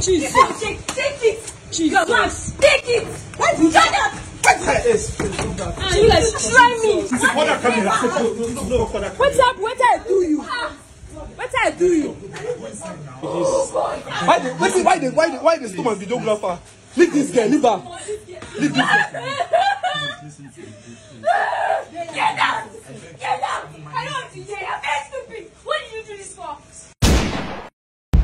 Jesus. Jesus. Take, take it. Jesus. Max, take it. Shut up. Ah, you try me. What's up? What I do you? Ah. What I do you? Why the why the why the why the why the stupid videographer? Leave this girl. Leave her. Leave this girl. Get out! Get out! I don't want to hear.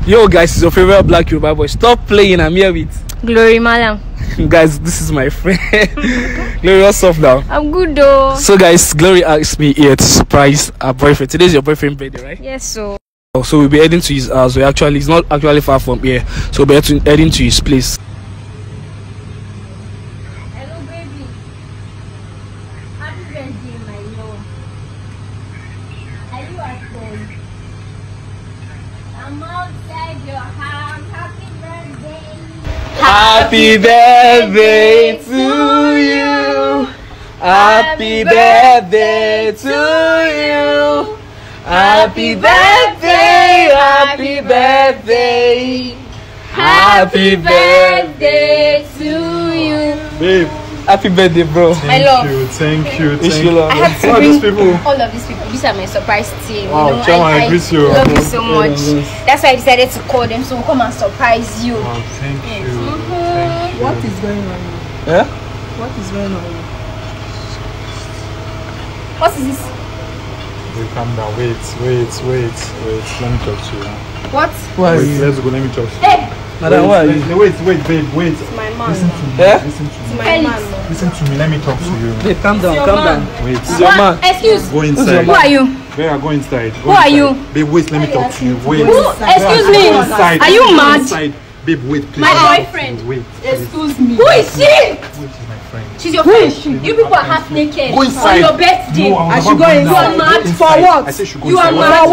Yo, guys, it's your favorite black Yoruba boy. Stop playing. I'm here with Glory Malam. guys, this is my friend. Glory, what's up now? I'm good though. So, guys, Glory asked me here to surprise her boyfriend. Today's your boyfriend birthday, right? Yes, so. Oh, so we'll be heading to his house. We actually, it's not actually far from here. So we'll be heading to his place. Hello, baby. my love. Are you Happy birthday to you. Happy birthday to you. Happy birthday, happy birthday. Happy birthday to you. Babe. Happy birthday, bro. Thank I love. you, thank you, thank you. Love I have to bring these people? all of these people. These are my surprise team. Wow, you know, Chama, I, I, I love you. Love you so much. Yeah, That's why I decided to call them so we'll come and surprise you. Wow, thank, yes. you. Mm -hmm. thank you. What is going on? Yeah? What is going on? What is this? You calm down. Wait, wait, wait, wait. Let me talk to you. What? Why? Wait, let's go. Let me talk to you. Hey! Eh! Madam, wait, wait, wait, babe, wait. It's my mom. Listen to me. Yeah? Listen to me. It's my mom. Listen to me, let me talk to you. Hey, calm down, calm man. down. Wait. This your man. Excuse. Go inside. Who are you? Vera, go inside. Go Who inside. are you? Babe, wait, let me talk to you. Wait. Who? Excuse me. Inside. Are you mad? Inside. Babe, wait, please. My boyfriend. Wait. Excuse me. Who is she? She's your friend. She? You people are half naked. Go inside. On your birthday. No, I should go inside. You are mad. For what? I said she go inside. You are mad.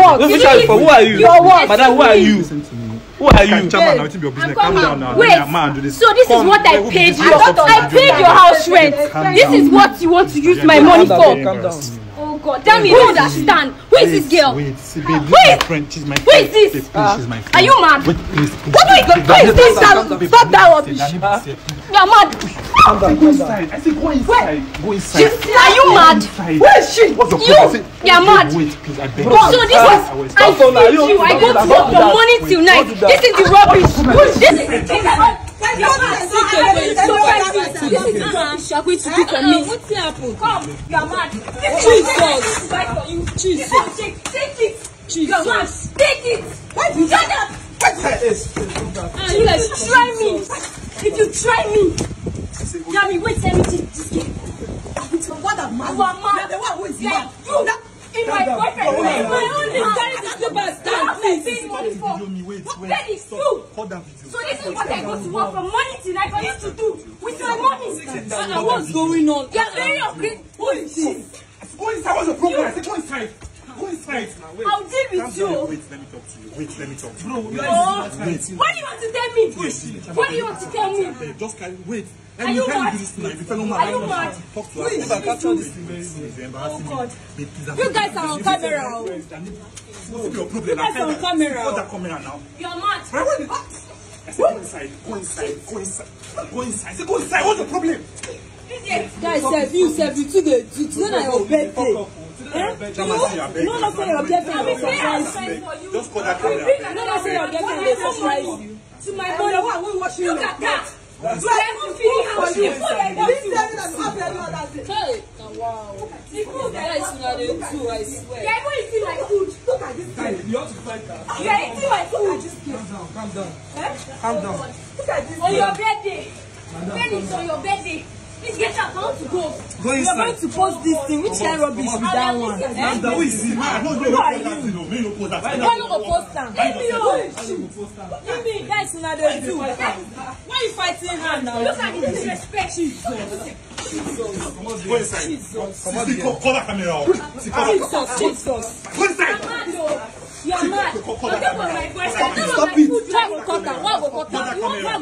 For what? who are you? You are what? Madam, who are you? Listen to me. Who are you? Chairman, now your business. Calm down now. Wait. So this Come, is what I paid you. I paid your house rent. This is what you want to use my money for. Calm down. God, damn it, I don't stand? Who is this girl? Wait, wait, wait. Wait. She's my friend. Who is this? Are you mad? Wait, please, please. What do you go? Who is this? Stop that rubbish. You're mad. Calm down, go inside. I said go inside. Where? Go inside. are you mad? Where is she? What's your problem? You, you're mad. Wait, please, I beg you. So this was. I feed you. I go to work from morning till night. This is the rubbish. This is, this is, You are going to do eh, for eh, me. What's happened? Come, you are mad. Jesus. Jesus. Take it. Jesus. You are mad. Take it. Shut up. Ah, if you try me, if you try me, Yami, wait, let me take this What a man. You are mad. You are the one who is mad. You in my boyfriend. In my own name, carry the slippers down, please. Stop the video, me wait, wait. That is true. So this is what I go to work from morning till night for you to do with my money. Anna, what's going on? You're very ungrateful. Who is this? Go inside, what's the problem? I said, go inside fight now. Wait. I'll deal with you. Wait, let me talk to you. Wait, let me talk to you. Bro, wait. What do you want to tell me? Wait. What do you want to tell me? Just carry. Wait. are you mad? Are you mad? Talk to us. Please, capture this thing. Oh God! You guys are on camera. What's your problem? You guys are on camera. What's that camera now? You are mad. Why would I said go inside. Go inside. Go inside. Go inside. I said go inside. What's the problem? Guys, sef you sef you too dey do today na your birthday. No, no, no, say your girlfriend dey surprise you. Just call that girl. No, no, say your girlfriend dey surprise you. To my body, look at that. Do I even feel how she is? This time that happened every other day. Hey, wow. The food that is not two, I swear. Yeah, everyone is eating my food. Look at this guy. You have to fight that. You are eating my food. Just Calm down, calm down. Eh? Calm down. Look at this. On your birthday. Madam, on your birthday? Please get your phone to go. Go inside. You're going to post this thing. Which kind of rubbish is that one? That's the way you Who are you? Why you go post am? Leave me. You me guys una dey do? Why you fighting her now? Look at the disrespect. Jesus. Jesus. Go inside. Jesus. Call that camera out. Jesus. Jesus. Go inside. You're mad. Oh. You're mad. Stop it. Which phone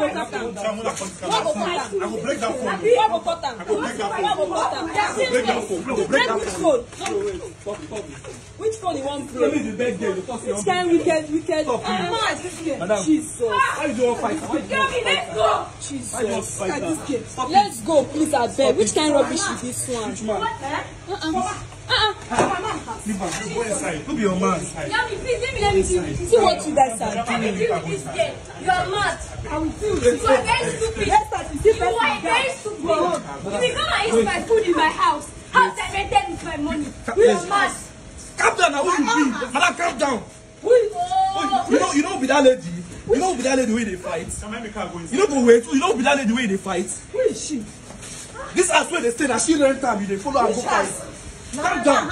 you want to play? Tell me the best game. Which kind we can we can? Ah, this game. Jesus. Why do you want fight? Why you fight? Let's go. Jesus. Let's go, please. I beg. Which kind rubbish is this one? Which man? Uh-uh. Leave her. Go inside. Who be your man? Yami, please let me let me see. See what you guys are doing. Let me deal with You are mad. I will deal with You are very stupid. Yes, sir. You are very stupid. You become and eat my food in my house. How I rented with my money. You are mad. Calm down Who you be? Madam, calm down. Who you? Oh, you know, you know, be that lady. You know, be that lady way they fight. You know, go wait. You know, be that lady way they fight. Who is she? This house where they stay, that she rent time. You they follow and go fight. Calm down.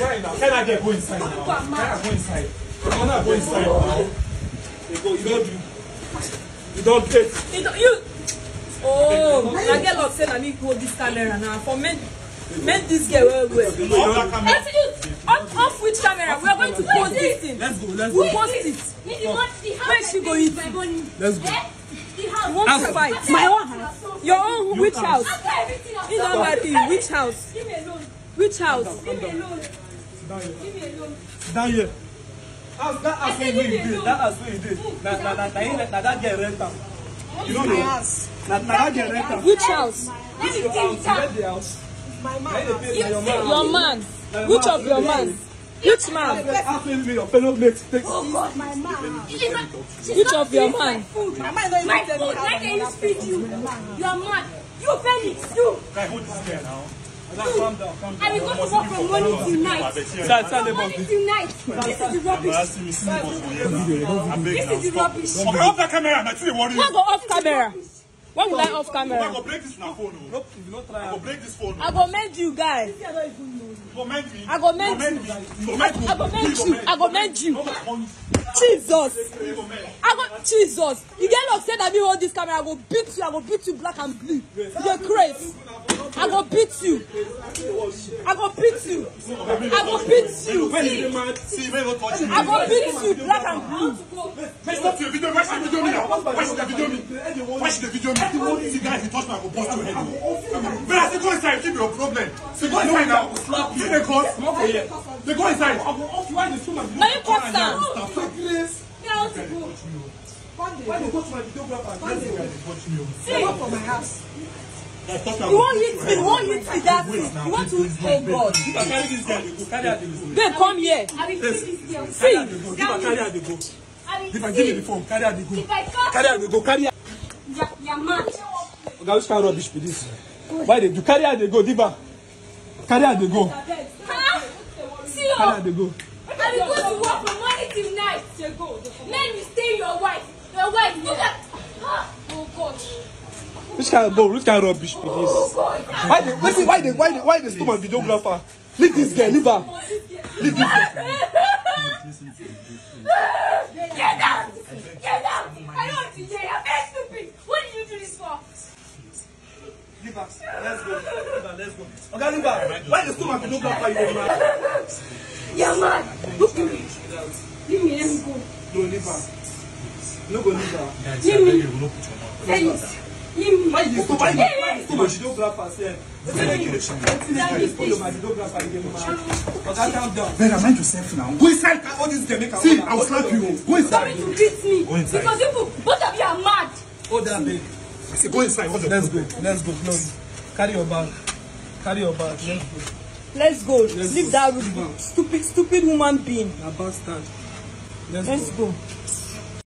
Can I get go inside now? Can I go inside? Can I go inside now? You don't do. You don't take. You don't, you. Oh, I get lost saying I need to hold this camera now. For men, men this girl well well. Off, off which camera? We are going to post this thing. Let's go, let's go. We'll post it. Where she go eat? Let's go. Eh? You want to fight? My own house. Your own witch house? You don't marry. witch house? Witch house? Leave me alone down here. Leave Down here. As, that as where you did. That as where you did. Na na na na that girl rent am. You know the Na na that girl rent Which house? Which your house? Where the house? My man. Your man. Your man. Which of your man? Which man? Half a million fellow mates. Take oh God, my man. Which of your man? My food. man my food. Why can you speak you? Your man. mad. You Felix, you. Guy, hold this girl now. Calm down, I will go to work from morning to night. From morning till night. This is the rubbish. This is the rubbish. Okay, off that camera. I see worried. Why go off camera? Why would I off camera? I go break this phone. Nope, you not try. I go break this phone. I go mend you guys. I go mend you. I go mend you. I go mend you. I go mend you. Jesus. I go Jesus. You get look say that me hold this camera. I go beat you. I go beat you black and blue. You're crazy. I go beat you. I go beat you. I go beat you. I go beat you black and blue. Stop your video. Where's the video now? Where's the video me? Where's the video me? See guy, if you touch me, I go bust your head. But as they go inside, keep your problem. They go inside now. Slap you. See the court? They go inside. I go off you Why cut down. Now you cut down. Stop please. When you go to my videographer, I'm telling you, I'm not for my house. You won't hit me, you won't hit me that way. You want to, oh God. If I carry this girl, you carry her the Then come here. I see this girl. If I carry her the go. If I give you the phone, carry her the go. Carry her the go, carry her. You're mad. Oga, which kind of rubbish be this? Why did you carry her the go, Diva? Carry her the go. See. Carry her oh. the go. I will go to work from morning till night. Men will stay your wife. Now wait, look at. Oh Which kind of bro? Which kind of rubbish be this? Oh, why the Why the why the why the stupid videographer? Leave this girl. Leave her. Leave this girl. Get out! Get out! I want to hear. I'm stupid. What did you do this for? Leave Let's go. Leave Let's go. Okay, leave her. Why the stupid videographer? You mad? You're mad. Look at me. Leave me. Let me go. No, leave her no go leave am. Dennis him why you stop why you stop my videographer sef. Oga calm down. Vera mind yourself now. Go inside all this dey make am. See I will slap you. Go inside. Sorry to beat me. Go inside. Because you both of you are mad. Hold on babe. I say go inside. Let's go. Let's go. No. Carry your bag. Carry your bag. Let's go. Let's go. Let's Leave go. that rude stupid stupid woman being. A bastard. Let's, Let's go. go.